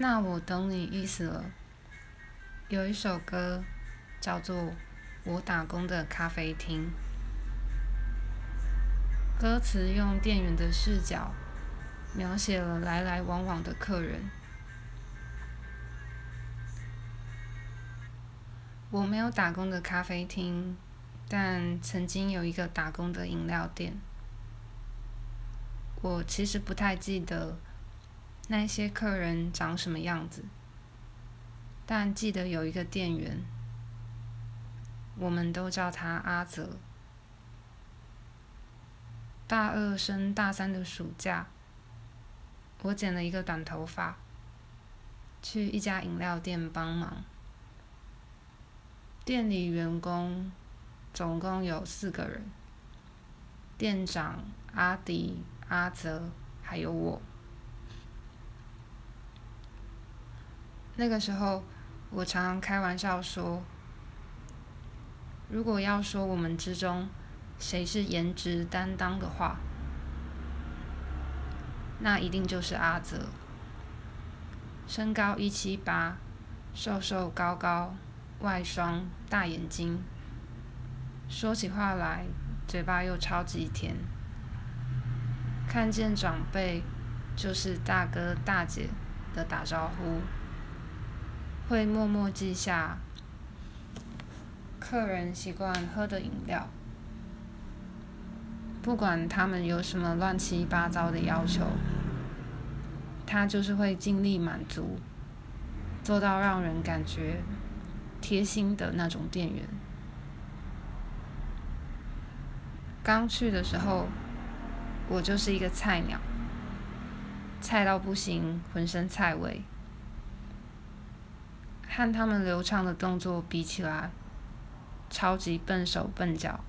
那我懂你意思了。有一首歌叫做《我打工的咖啡廳》，歌詞用店員的視角描寫了來來往往的客人。我沒有打工的咖啡廳，但曾經有一個打工的飲料店。我其實不太記得，那些客人長什麼樣子？但記得有一個店員，我們都叫他阿澤。大二升大三的暑假，我剪了一個短頭髮，去一家飲料店幫忙。店裡員工總共有四個人：店長、阿迪、阿澤，還有我。那個時候，我常常開玩笑說，如果要說我們之中誰是顏值擔當的話，那一定就是阿澤。身高一七八，瘦瘦高高，外雙大眼睛，說起話來嘴巴又超級甜，看見長輩就是大哥大姐的打招呼。會默默記下客人習慣喝的飲料，不管他們有什麼亂七八糟的要求，他就是會盡力滿足，做到讓人感覺貼心的那種店員。剛去的時候，我就是一個菜鳥，菜到不行，渾身菜味。看他們流暢的動作比起來，超級笨手笨腳。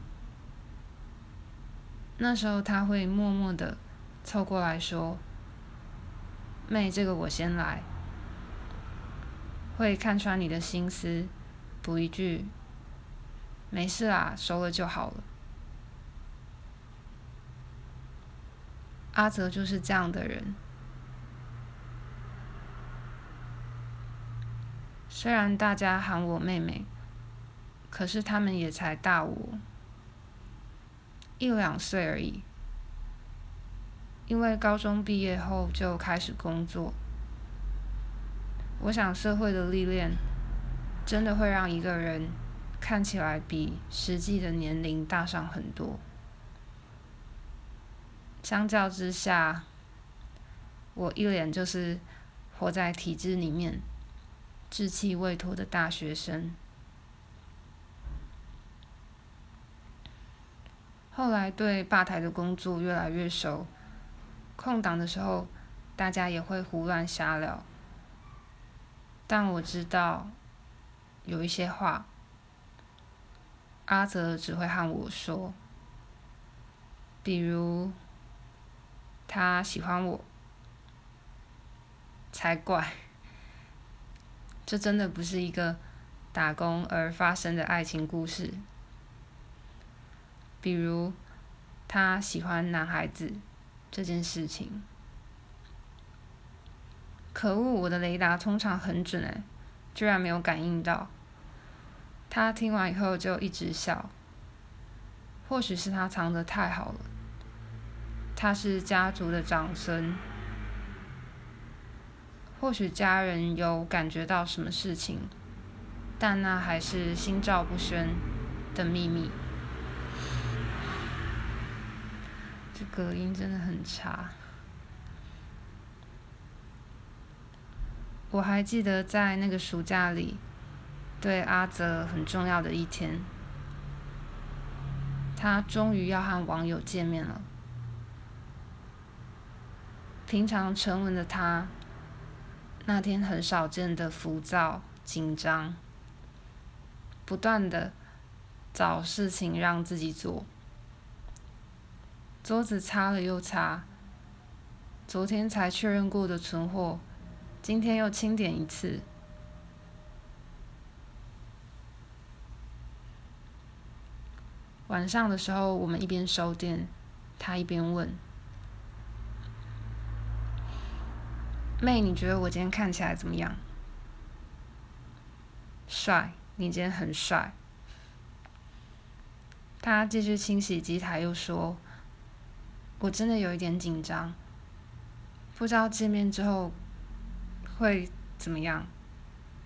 那時候他會默默地湊過來說：“妹，這個我先來。”會看穿你的心思，補一句：“沒事啊，熟了就好了。”阿澤就是這樣的人。雖然大家喊我妹妹，可是他們也才大我一兩歲而已。因為高中畢業後就開始工作，我想社會的歷練真的會讓一個人看起來比實際的年齡大上很多。相較之下，我一臉就是活在體制裡面。稚氣未脫的大學生，後來對吧台的工作越來越熟，空檔的時候，大家也會胡亂瞎聊，但我知道，有一些話，阿澤只會和我說，比如，他喜歡我，才怪。這真的不是一個打工而發生的愛情故事。比如，他喜歡男孩子這件事情。可惡，我的雷達通常很準，欸，居然沒有感應到。他聽完以後就一直笑。或許是他藏得太好了。他是家族的長孫。或許家人有感覺到什麼事情，但那還是心照不宣的秘密。這隔音真的很差。我還記得在那個暑假裡，對阿澤很重要的一天，他終於要和網友見面了。平常沉穩的他。那天很少見的浮躁、緊張，不斷的找事情讓自己做。桌子擦了又擦，昨天才確認過的存貨，今天又清點一次。晚上的時候，我們一邊收店，他一邊問。妹，你覺得我今天看起來怎麼樣？帥，你今天很帥。他繼續清洗機台，又說：“我真的有一點緊張，不知道見面之後會怎麼樣，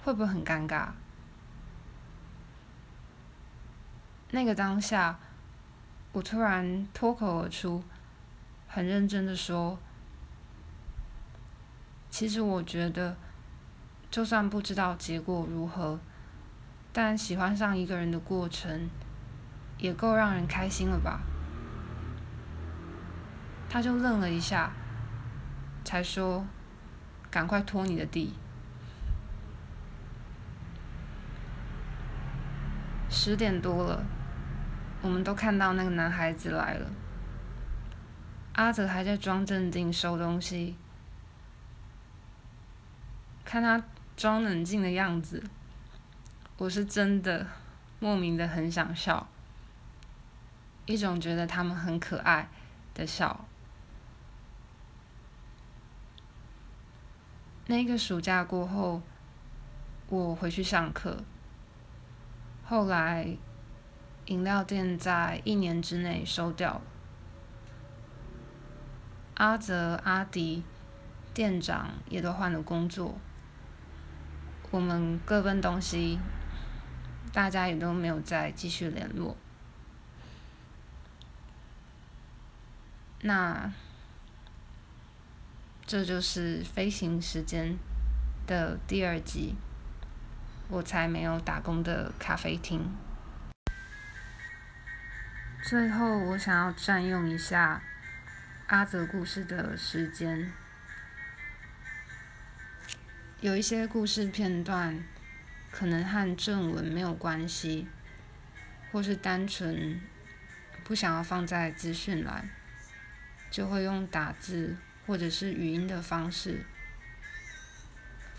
會不會很尷尬？”那個當下，我突然脫口而出，很認真的說。其實我覺得，就算不知道結果如何，但喜歡上一個人的過程，也夠讓人開心了吧。他就愣了一下，才說：“趕快拖你的地。”十點多了，我們都看到那個男孩子來了。阿澤還在裝鎮定收東西。看他裝冷靜的樣子，我是真的莫名的很想笑，一種覺得他們很可愛的笑。那個暑假過後，我回去上課，後來飲料店在一年之內收掉了，阿澤、阿迪、店長也都換了工作。我們各奔東西，大家也都沒有再繼續聯絡。那這就是飛行時間的第二集，我才沒有打工的咖啡廳。最後，我想要佔用一下阿澤故事的時間。有一些故事片段，可能和正文沒有關係，或是單純不想要放在資訊欄，就會用打字或者是語音的方式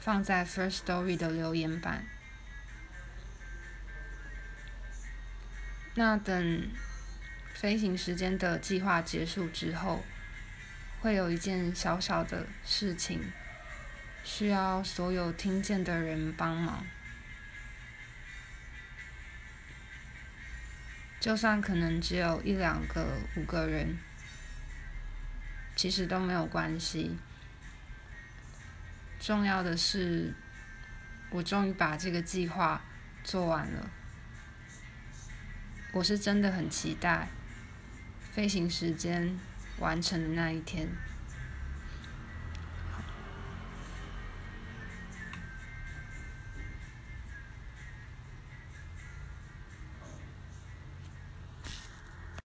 放在 Firstory 的留言板。那等飛行時間的計劃結束之後，會有一件小小的事情。需要所有聽見的人幫忙，就算可能只有一兩個、五個人，其實都沒有關係。重要的是，我終於把這個計劃做完了。我是真的很期待飛行時間完成的那一天。